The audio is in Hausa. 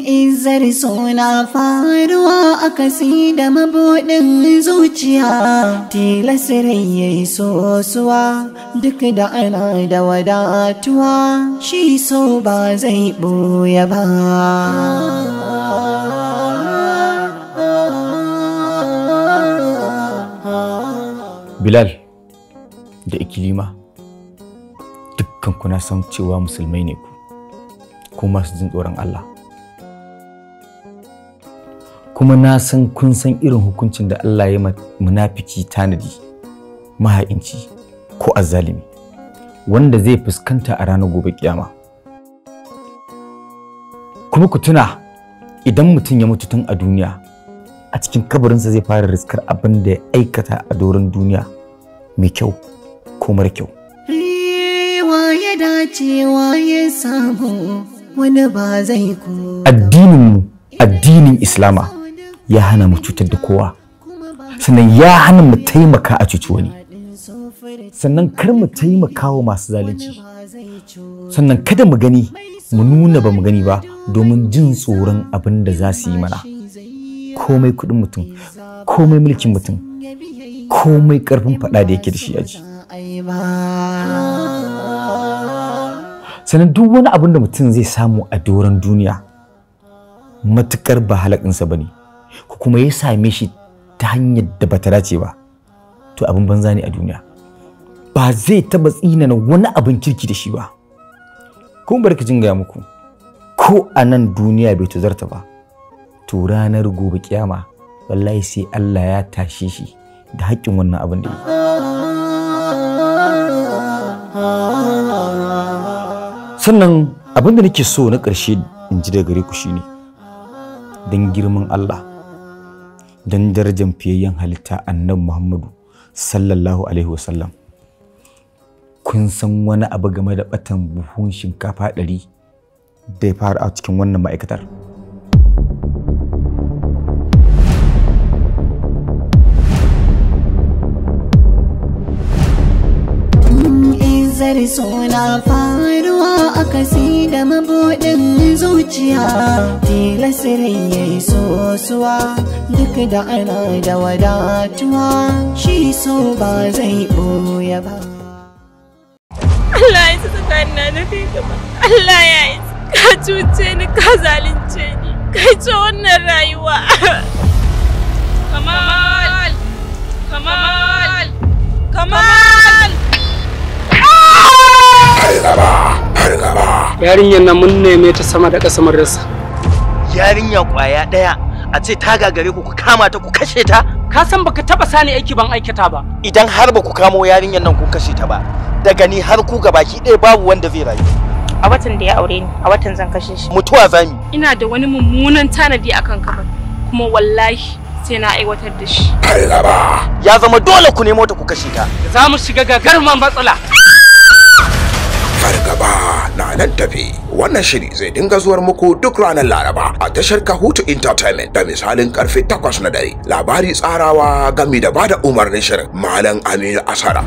Izar suna faruwa a kasi da mabuɗin zuciya, tilasirai ya yi sosuwa duk da ana da wadatuwa, shi so ba zai ɓoye ba. Bilal da Ikilima dukkan kuna san cewa musulmai ne ku, kuma masu jin tsoron Allah. kuma na san kun san irin hukuncin da Allah ya munafiki tanadi maha'inci ko azalimi, wanda zai fuskanta a ranar gobe kiyama kuma ku tuna idan mutum ya mutu tun a duniya a cikin kabarinsa zai fara riskar abin da ya aikata a doron duniya mai kyau ko mara kyau addinin mu addinin islama ya hana mu cutar da kowa sannan ya hana mu taimaka a cuci wani sannan kar mu taimaka wa masu zalunci sannan kada mu gani mu nuna ba mu gani ba domin jin tsoron abin da za su yi mana komai kuɗin mutum komai mulkin mutum komai ƙarfin faɗa da yake da shi aji sannan duk wani abin da mutum zai samu a doron duniya matuƙar ba halakinsa ba ne ku kuma ya same shi ta hanyar da bata dace ba to abin banza ne a duniya ba zai taba tsinana wani abin kirki da shi ba Ko bar jin gaya muku ko a nan duniya bai tuzarta ba to ranar gobe kiyama wallahi sai Allah ya tashe shi da haƙƙin wannan abin da sannan abin da nake so na ƙarshe in ji da gare ku shine don girman Allah don darajar fiyayyen halitta annan Muhammadu sallallahu alaihi wasallam kun san wani abu game da batan buhun shinkafa ɗari da ya fara a cikin wannan ma'aikatar. zarso na faruwa a kasi da mabuɗin zuciya tilasirin ya yi sosuwa duk da ana da wadatuwa shi so ba zai ɓoye ba Allah ya su tsakanina na nufi gaba Allah ya su, ka cuce ni ka zalunce ni yi ce wannan rayuwa Kamal Kamal yarinyar nan mun neme ta sama da ƙasa mun rasa yarinya kwaya ɗaya a ce ta gagare ku ku kama ta ku kashe ta ka san baka taba sani aiki ban aikata ba idan har ba ku kamo yarinyar nan ku kashe ta ba daga ni har ku baki ɗaya babu wanda zai rayu a watan da ya aure ni a watan zan kashe shi mutuwa zami ina da wani mummunan tanadi akan kafa kuma wallahi sai na aiwatar da shi ya zama dole ku nemo ta ku kashe ta za mu shiga gagarman matsala fargaba na nan tafi wannan shiri zai dinga zuwar muku duk ranar laraba a tashar kahutu entertainment da misalin karfe takwas na dare labari tsarawa gami da bada umarnin shirin malam aminu asara